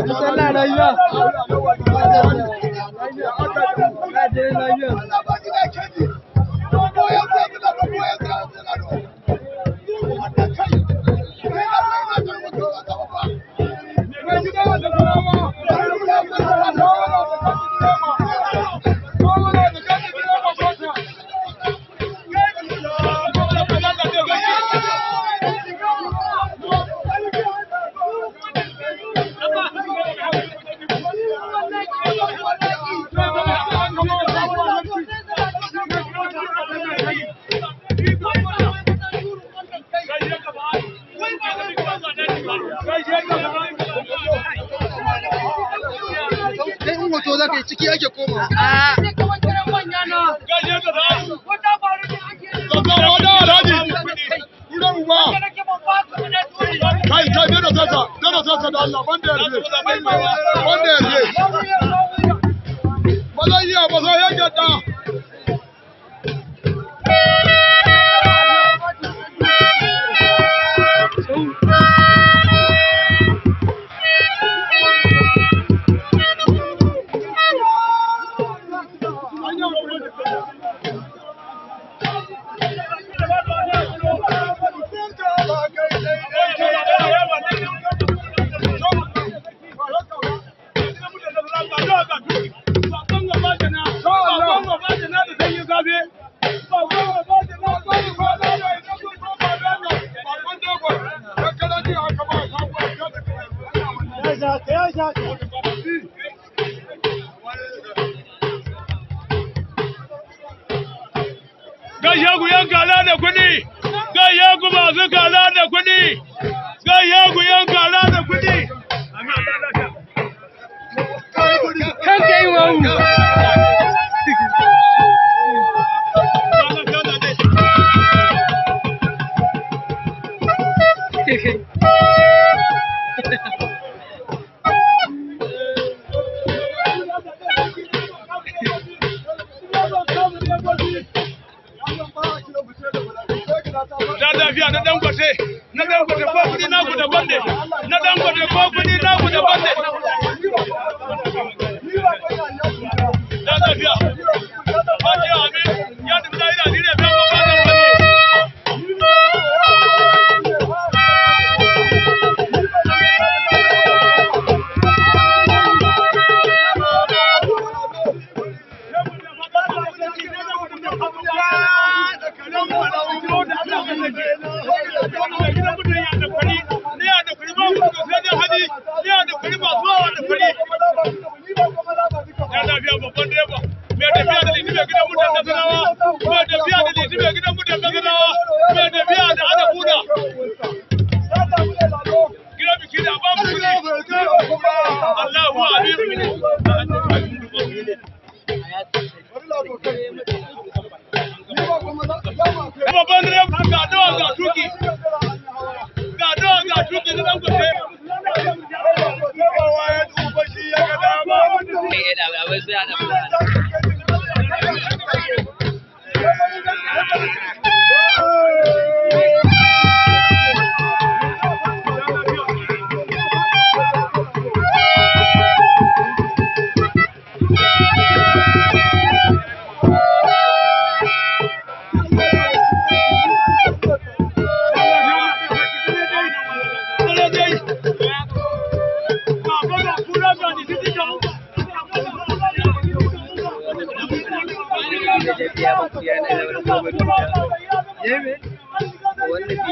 Ita na rayuwa. Allah dena saka da iya go.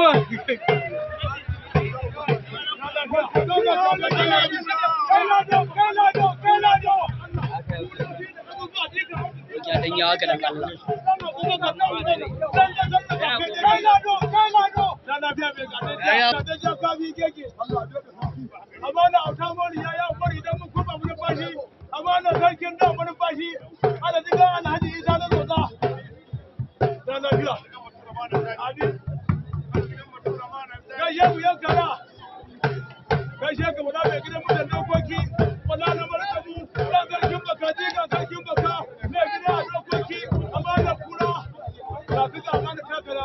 dan yawa ga ya ya dan mun kuma mun sarkin da mun fashi ala diga alhaji isa yau yau kara gaishe ka wada mai gidan mutan dokoki wada na markabu ɗan sarkin baka jiga sarkin baka mai gidan a dokoki amanar kura ga fi ga amanar takara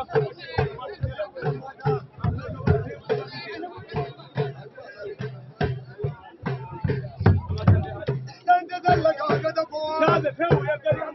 Ta da kyau ya gari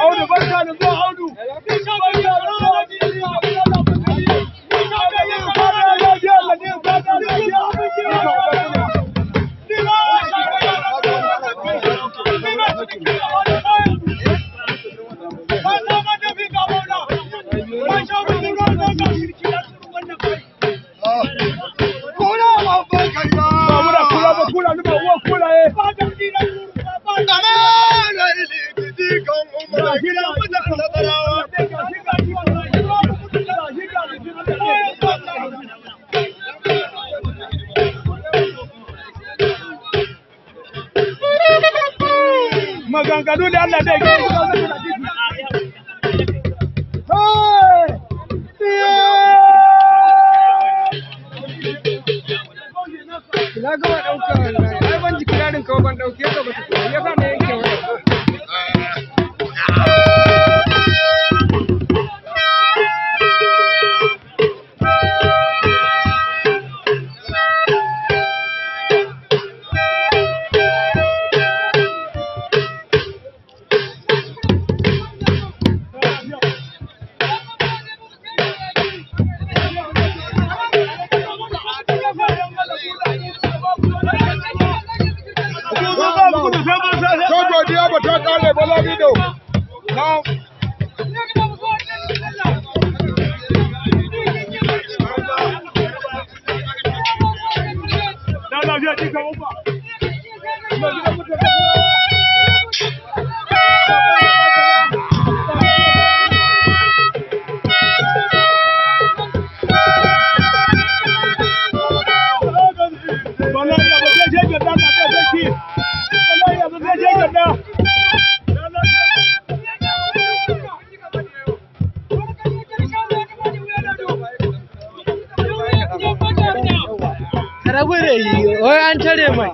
Audu barka da zuwa Audu. Barka da zuwa Audu. maganganu da Allah dai diga, diga, opa! Diga, diga, diga. ndakwereiyo oyo anitaremai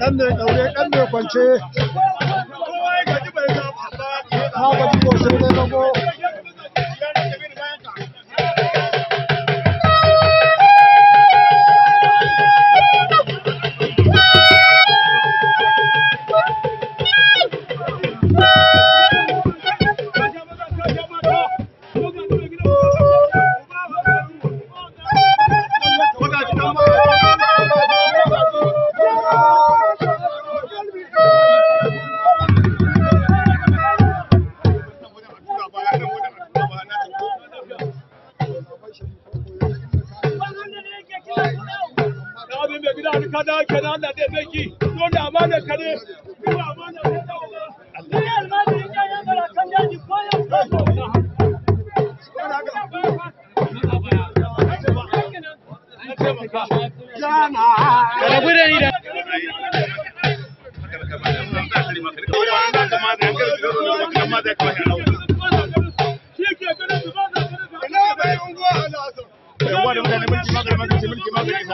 dan mai daure dan mai kwance na gaji goshin zai zago mulki magani mulki magani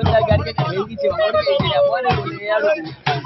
abin da ga rike kai yi ce wani kai ce da wani ne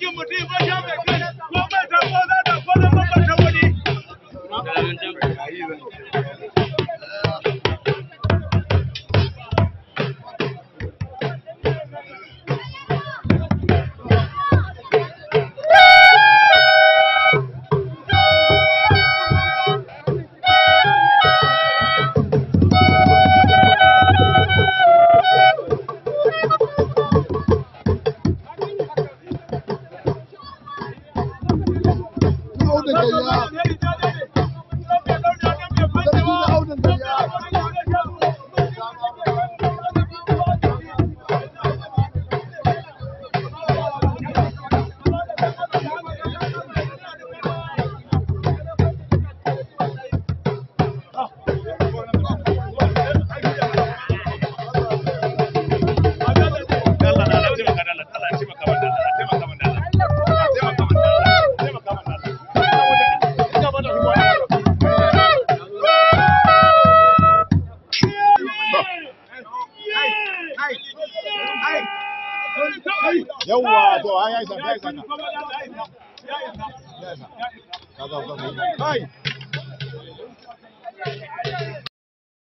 Thank you, Mutti. Ay,